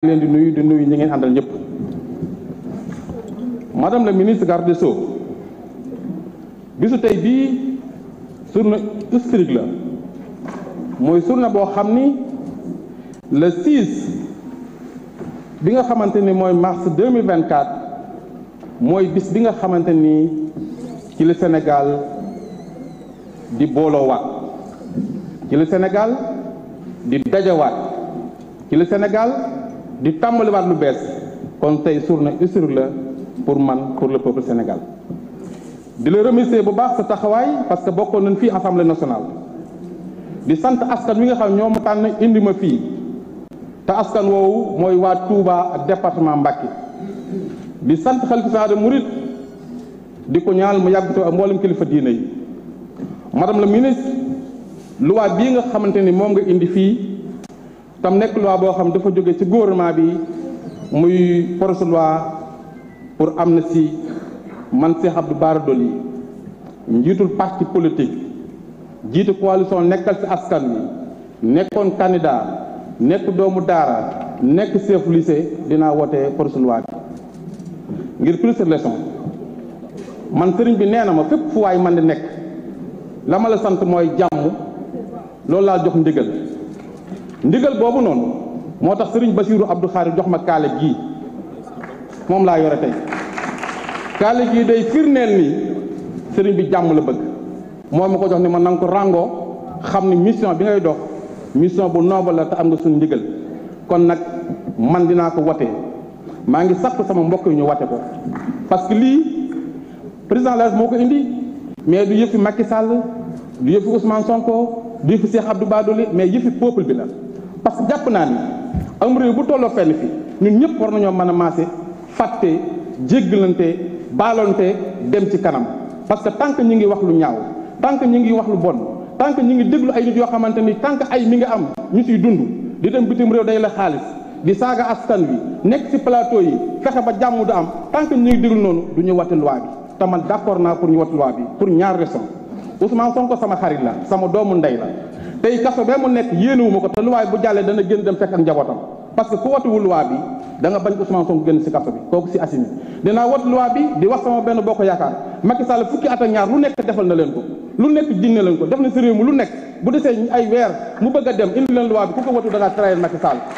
leen di nuyu di nuyu ñu ngeen àndal ñëpp madame la ministre garde des Sceaux bisu tey bii journée historique la mooy journée boo xam ni le 6 bi nga xamante ni mooy mars 2024 mooy bis bi nga xamante ni ci la Sénégal di booloowaat ci la senegal di dajawaat ci la Sénégal di tàmbaliwaat lu bees kon tey suur na historique la pour man pour le peuple Sénégal di la remercier bu baax sa taxawaay parce que bokkoon nañ fii assemblée nationale di sant askan wi nga xam ñoo ma tànn indi ma fii te askan woowu mooy waat Touba ak département Mbacké di sant xalifa saa de di ko ñaal mu yàgg ak mboolem kilifa diine yi madame la ministre loi bii nga xamante ni moom nga indi fii. tam nekk loi boo xam dafa jóge ci gouvernement bi muy projet pour am na amnistie man Cheikh Abdou Bara Dolly njiitul parti politique jiitu coalition nekkal ci askan wi nekkoon candidat nekk doomu daara nekk chef lycée dinaa woote projet de bi ngir plus de man sëriñ bi nee na ma fépp fu waay man di nekk la ma la sant mooy jàmm loolu laa jox ndigal ndigal boobu noonu moo tax sëriñ Basiiru Abdou Khadre jox ma kaale gii moom laa yore tey kaale gii day firneel ni sëriñ bi jàmm la bëgg moo ma ko jox ni ma nanga ko ràngoo xam ni mission bi ngay dox mission bu noble la te am nga suñ ndigal kon nag man dinaa ko wate maa ngi sàpp sama mbokk yi ñu wate ko parce que lii président la moo ko indi mais du yëfi Macky Sall du yëfi Ousmane Sonko du yëfi Cheikh Abdou Bara mais yëfi peuple bi la parce que jàpp naa ni am réew bu tolloo fenn fi ñun ñëpp war nañoo mën a maase fàtte jéggalante baalonte dem ci kanam parce que tant ñu ngi wax lu ñaaw tant que ñu ngi wax lu bon tant que ñu ngi déglu ay nit yoo xamante ni tant que ay mi nga am ñu ciy dund di dem bitim réew day la xaalis di saaga askan wi nekk ci palato yi fexe ba jàmm du am tant que ñu ngi déglu noonu du ñu wate loi bi te man d'accord naa pour ñu wate loi bi pour ñaar raison Ousmane Sonko sama xarit la sama doomu ndey la tey kaso ba mu nekk yéenewuma ko te luwaay bu jàllee dana génn dem fekk ak njabootam parce que ku watuwu luwaa bi da nga bañ ko Ousmane Sonko génn si kaso bi kooku si asini dinaa watu luwaa bi di wax sama benn boo ko yaakaar Macky Sall fukki at ñaar lu nekk defal na leen ko lu nekk jinne lañ ko def na si réew mi lu nekk bu desee ay weer mu bëgg a dem indi leen loi bi ko watu da ngaa trahir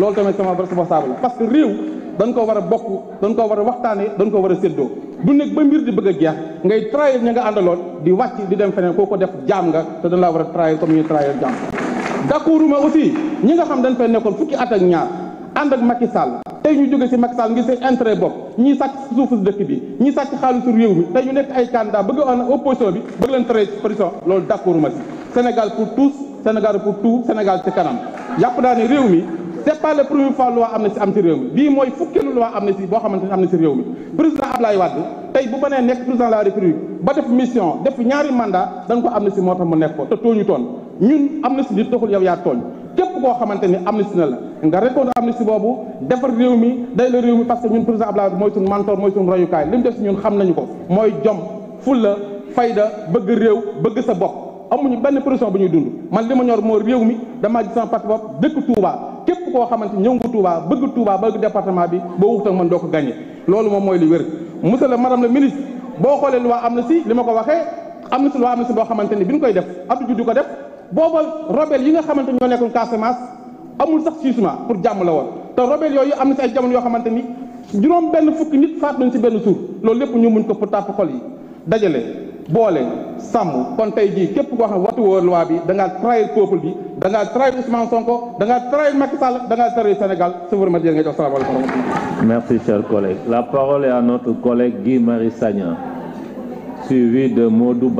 loolu tamit sama responsable parce que réew dañ ko war a bokk dañ ko war a séddoo du nekk ba mbir di bëgg a jeex ngay trahir ña nga àndaloon di wàcc di dem feneen koo ko def jaam nga te dañ war a trahir comme ñuy trahir jaam d'accorduma aussi ñi nga xam dañ fay nekkoon fukki at ak ñaar ànd ak Macky tey ñu jóge ci Macky Sall ngir seen intérêt bopp ñii sàcc suufu dëkk bi ñii sàcc xaalisu réew mi tey ñu nekk ay candidat bëgg on opposition bi bëgg leen tere prison loolu d'accord ma ci Sénégal pour tous Sénégal pour tout Sénégal ci kanam jàpp naa ne réew mi c'est pas la première fois loi amnistie am ci réew mi bii mooy am na amnistie boo xamante ni am na ci réew mi président Ablaye Wade tey bu ma nee nekk président de la république ba def mission def ñaari mandat dañ ko amnistie moo tax mu nekk ko te képp koo xamante ni amnistie na la nga récolte amnistie boobu defar réew mi day la réew mi parce que ñun président Abdoulaye mooy suñu mentor mooy suñu royukaay li mu def si ñun mooy jom fulla bëgg réew bëgg sa bopp amuñu benn pression bu ñuy dund man li ma ñor moo réew mi damaa gis sama parti bopp dëkk Touba képp koo xamante ñëw nga Touba bëgg Touba bëgg département bi boo wuxtak man doo ko gagné loolu moom mooy li wér monsieur le madame le ministre boo xoolee waa loi amnistie li ma ko waxee am na amnistie loi amnistie boo xamante ni bi ñu koy def at Diouf di ko booba rebelle yi nga xamante ñoo nekkoon Casamance amul sax jugement pour jàmm la woon te rebelle yooyu am na si ay jamono yoo xamante ni juróom benn fukki nit faat nañ si benn suur loolu lépp ñu muñ ko pour tàpp xol yi dajale boole sàmm kon tey jii képp koo xam waxtu woo loi bi da ngaa trahir bi da ngaa trahir Ousmane Sonko da ngaa trahir Macky Sall da ngaa trahir Sénégal su ma jërë nga jox salaamaaleykum. merci cher collègue la parole est à notre collègue Guy Marie Sagna suivi de Modou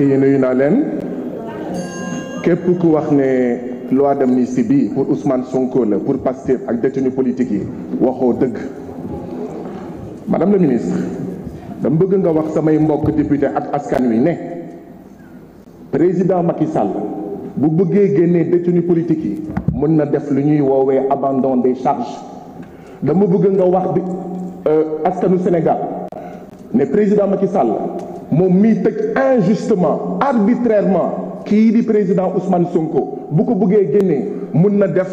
mbokk yi nuyu naa leen képp ku wax ne loi d'amnistie bi pour Ousmane Sonko la pour Pastef ak détenu politique yi waxoo dëgg madame la ministre dama bëgg nga wax samay mbokk député ak askan wi ne président Macky Sall bu bëggee génnee détenu politique yi mën na def lu ñuy woowee abandon des charges dama bëgg nga wax dëgg euh, askanu Sénégal ne président Macky moom mii tëj injustement arbitrairement kii di président Ousmane Sonko bu ko bëggee génnee mun na def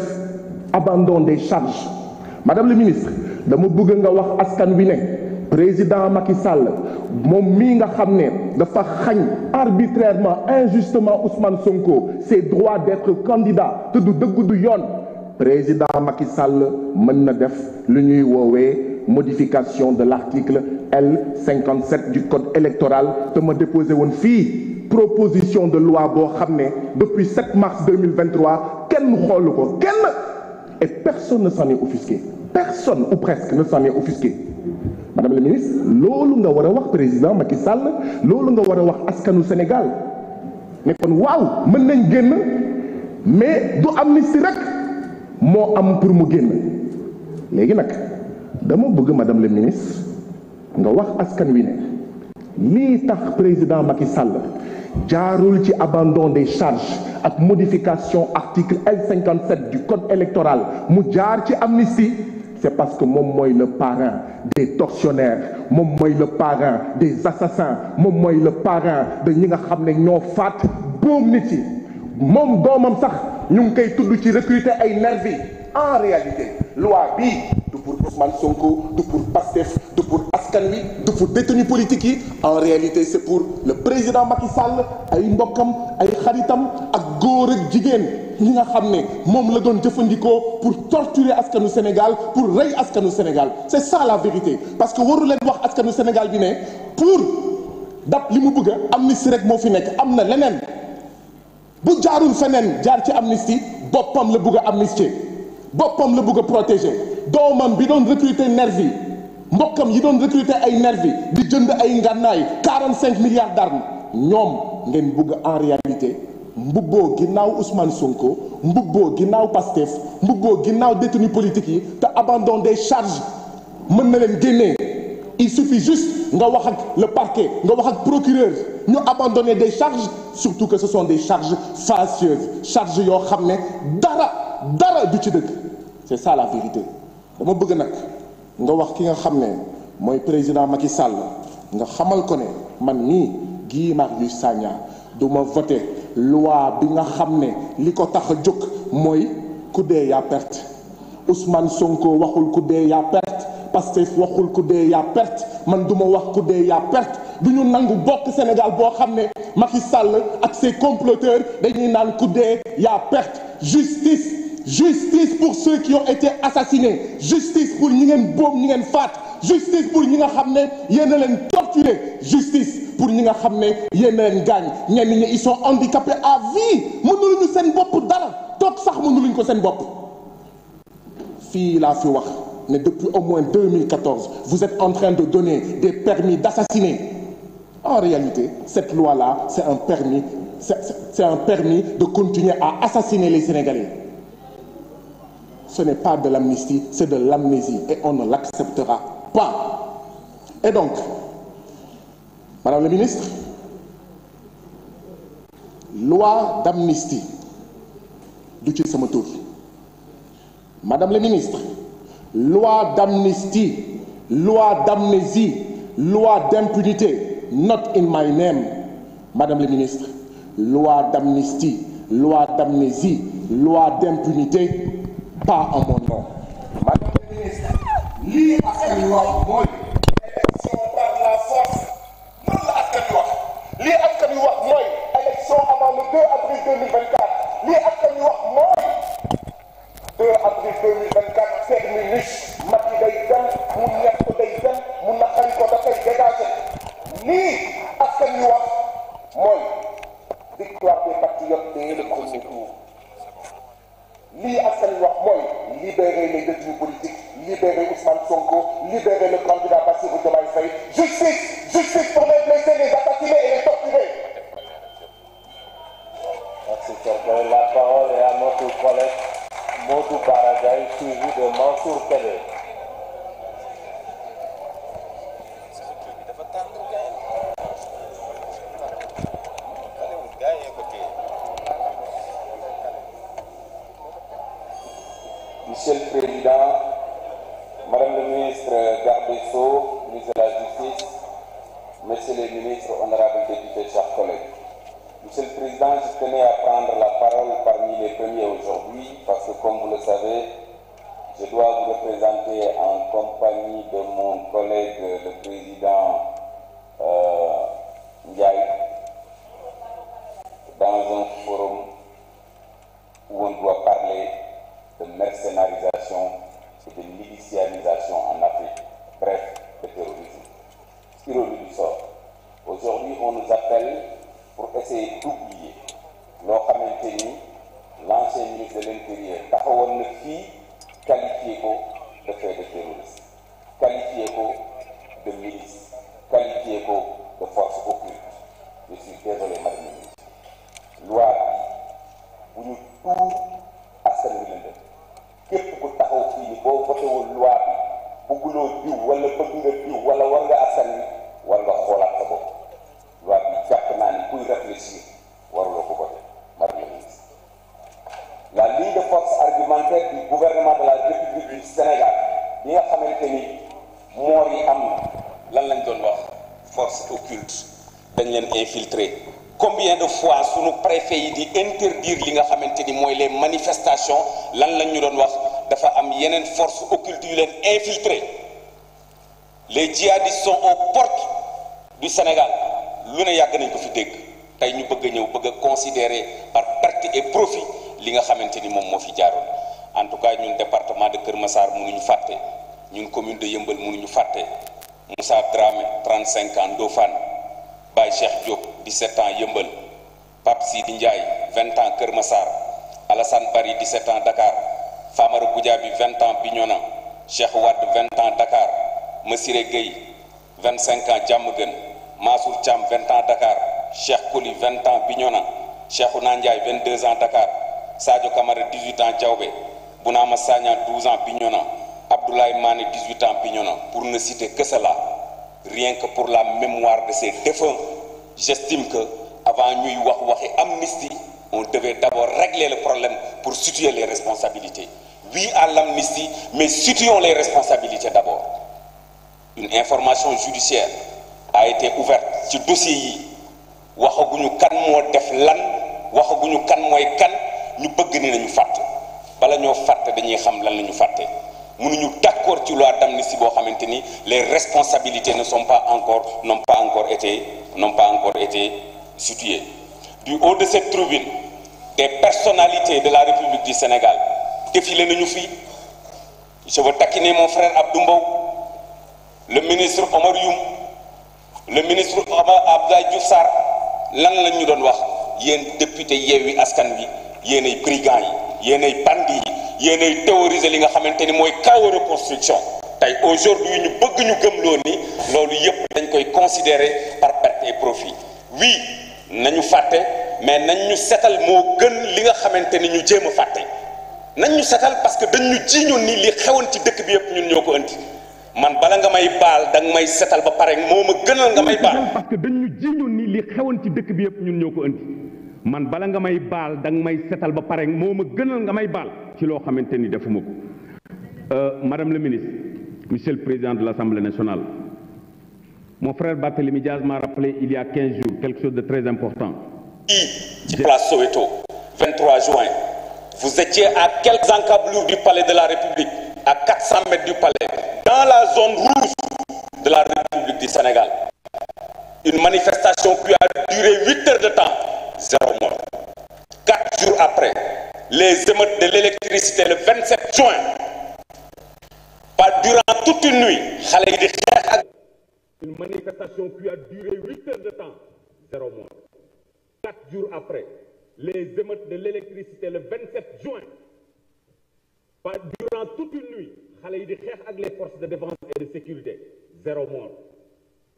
abandon des charges madame la ministre dama bëgg nga wax askan wi ne président Macky Sall moom mi nga xam ne dafa xañ arbitrairement injustement Ousmane Sonko ses droits d'être candidat te du dëgg du yoon président Macky Sall mën na def lu ñuy woowee modification de l'article L57 du code électoral te ma déposé woon fii proposition de loi boo xam ne depuis 7 mars 2023 kenn xoolu ko kenn et personne ne s'en est offusqué personne ou presque ne s'en est offusqué madame la ministre loolu nga war a wax président Macky Sall loolu nga war a wax askanu Sénégal ne kon waaw mën nañ génn mais du amnistie rek moo am pour mu génn léegi nag dama bëgg madame la ministre nga wax askan wi ne lii tax président Macky Sall jaarul ci abandon des charges ak modification article L57 du code électoral mu jaar ci amnistie c'est parce que moom mooy le parrain des tortionnaires moom mooy le parrain des assassins moom mooy le parrain de ñi nga xam ne ñoo faat boom nit yi moom doomam sax ñu ngi koy tudd ci recruter ay nervi en réalité loi bi pour Ousmane Sonko du pour Pastef du pour askan wi du pour détenu politique yi en réalité c'est pour le président Macky Sall ay mbokkam ay xaritam ak góor ak jigéen ñi nga xam ne moom la doon jëfandikoo pour torturer askanu Sénégal pour rey askanu Sénégal c'est ça la vérité parce que waru leen wax askanu Sénégal bi ne pour dab li mu bëgg a amnistie rek moo fi nekk am na leneen bu jaarul feneen jaar ci amnistie boppam la bëgg a amnistier boppam la bëgg a protéger doomam bi doon recruter nervi mbokkam yi doon recruter ay nervie di jënd ay ngànnaay 45 milliards d'armes ñoom ngeen bëgg en réalité mbubboo ginnaaw Ousmane Sonko mbubboo ginnaaw Pastef mbubboo ginnaaw détenus politiques yi te abandon des charges mën na leen génnee il suffit juste nga wax ak le parquet nga wax ak procureur ñu abandonner des charges surtout que ce sont des charges fallacieuses charges yoo xam ne dara dara du ci dëkk c'est ça la vérité dama bëgg nag nga wax ki nga xam ne mooy président Macky Sall nga xamal ko ne man mii gii Marius Sagna du ma voté loi bi nga xam ne li ko tax jóg mooy ku dee yaa perte Ousmane Sonko waxul ku dee yaa perte Pastef waxul ku dee yaa perte man duma wax ku dee yaa perte du ñu nangu bokk Sénégal boo xam ne Macky Sall ak ses comploteurs dañuy naan ku dee yaa perte justice justice pour ceux qui ont été assassinés justice pour ñi ngeen boom ñi ngeen fat justice pour ñi nga xam ne yéen a leen torturé justice pour ñi nga xam ne yéen a leen gaañ ñenn ñi ils sont handicapés à vie mënuluñu seen bopp dara toog sax mënuluñ ko seen bopp fii laa fi ne depuis au moins 2014 vous êtes en train de donner des permis d'assassiner en réalité cette loi-là c'est un permis c'est, c'est un permis de continuer à assassiner les Sénégalais ce n'est pas de l'amnistie, c'est de l'amnésie et on ne l'acceptera pas. Et donc, Madame la ministre, loi d'amnistie du ci sama tur Madame la ministre, loi d'amnistie, loi d'amnésie, loi d'impunité, not in my name. Madame la ministre, loi d'amnésie, loi d'impunité. pas en mon nom. Madame la ministre lii askan wi wax mooy élection par la force loolu la askan wi wax lii askan wi wax mooy élection avant le 2 avril 2024 lii askan wi wax mooy 2 avril 2024 terminus Sidi Mansour Kébé en compagnie de mon collègue le président euh, dans un forum où on doit parler de mercénarisation et de milicianisation en Afrique, bref, de terrorisme. Ironie du sort. Aujourd'hui, on nous appelle pour essayer d'oublier loo l'ancien ministre de l'Intérieur taxawoon na fii qualifié ko de fait de terrorisme. qualifié de milice qualifié de force occulte je suis désolé madame la ministre dañ leen infiltrer combien de fois sunu préfet yi di interdire li nga xamante ni mooy les manifestations lan lañ ñu doon wax dafa am yeneen force occulte yu leen infiltrer les djihadistes sont aux portes du Sénégal lu ne yàgg nañ ko fi dégg tey ñu bëgg ñëw bëgg a considérer par perte et profit li nga xamante ni moom moo fi jaaro en tout cas ñun département de Kër Massar mënuñu fàtte ñun commune de Yëmbal mënuñu fàtte Moussa Dramé 35 ans Ndofane Baye Cheikh Diop 17 ans Yëmbël Pape Sidi Ndiaye 20 ans Kër Massar Alassane Bari 17 ans Dakar Famara Goudiaby 20 ans Bignona Cheikh Wade 20 Cheikh Koli 20 ans Bignona Cheikhouna Ndiaye 22 ans Dakar Sadio Kamara 18 ans Diaobé Bounama Sagna 12 ans Bignona Abdoulaye Mané 18 ans Bignona pour ne citer que cela rien que pour la mémoire de ces défunts j'estime que avant ñuy wax waxi amnistie moo devait d'abord régler le problème pour situer les responsabilités oui à l'amnistie mais situons les responsabilités d'abord une information judiciaire a été ouverte ci dossier yi waxaguñu kan moo def lan waxaguñu kan mooy kan ñu bëgg ni nañu fàtt bala ñoo fàtte dañuy xam lan la ñu fàtte mënuñu d'accord ci loi d'amnistie boo xamante ni les responsabilités ne sont pas encore n'ont pas encore été n'ont pas encore été situées du haut de cette tribune des personnalités de la République du Sénégal défilé nañu fii je veux taquiner mon frère Abdou Mbow le ministre Omar Youm le ministre Omar Abdoulaye Diouf Sarr lan lañ ñu doon wax yéen député Yewwi Askan Wi yéenay brigands yi yéenay bandits yéenay théoriser li nga xamante ni mooy kaw reconstruction tey aujourd'hui ñu bëgg ñu gëmloo ni loolu yëpp dañ koy considérer par perte et profit oui nañu fàtte mais nañ ñu setal moo gën li nga xamante ni ñu jéem a fàtte nañ setal parce que dañ ñu jiiñoon ni li xewoon ci dëkk bi yëpp ñun ñoo ko andi man bala nga may baal da may setal ba pare moo ma gënal nga may baal parce que dañ ñu jiiñoon nii li xewoon ci dëkk bi yëpp ñun ñoo ko andi man bala nga may baal da nga may setal ba pare moo ma gënal nga may baal ci loo xamante ni defuma ko euh, madame le ministre monsieur le président de l'Assemblée nationale mon frère Barthélémy Diaz m'a rappelé il y a 15 jours quelque chose de très important ci place Soweto 23 juin vous étiez à quelques encablures du palais de la République à 400 mètres du palais dans la zone rouge de la République du Sénégal une manifestation plus plébiscité le 27 juin pas durant toute une nuit xale yi di xeex une manifestation qui a duré huit heures de temps zéro mois quatre jours après les émeutes de l'électricité le 27 juin pas durant toute une nuit xale yi di xeex ak les forces de défense et de sécurité zéro mort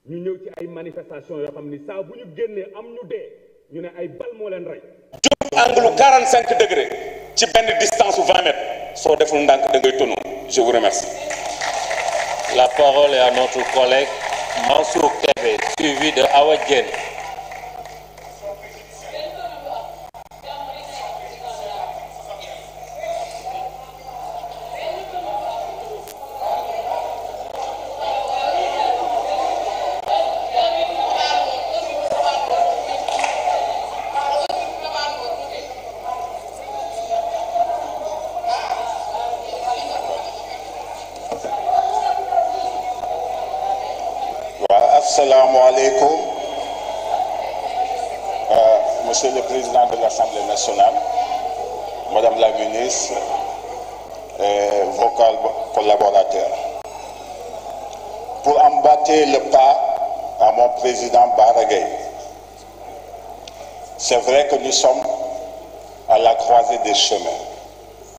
ñu ñëw ci ay manifestation yoo xam ni saa bu ñu génnee am ñu dee. ñu ne ay bal moo leen rey. jub angle 45 degré ci benn distance su 20 mètres soo deful ndànk da ngay tonu je vous remercie. La parole est à notre collègue Mansour Kébé suivi de Awa Diène. asalaamualeykum euh, monsieur le président de l'Assemblée nationale madame la ministre et euh, vos collaborateurs pour emboîter le pas à mon président Baragay c'est vrai que nous sommes à la croisée des chemins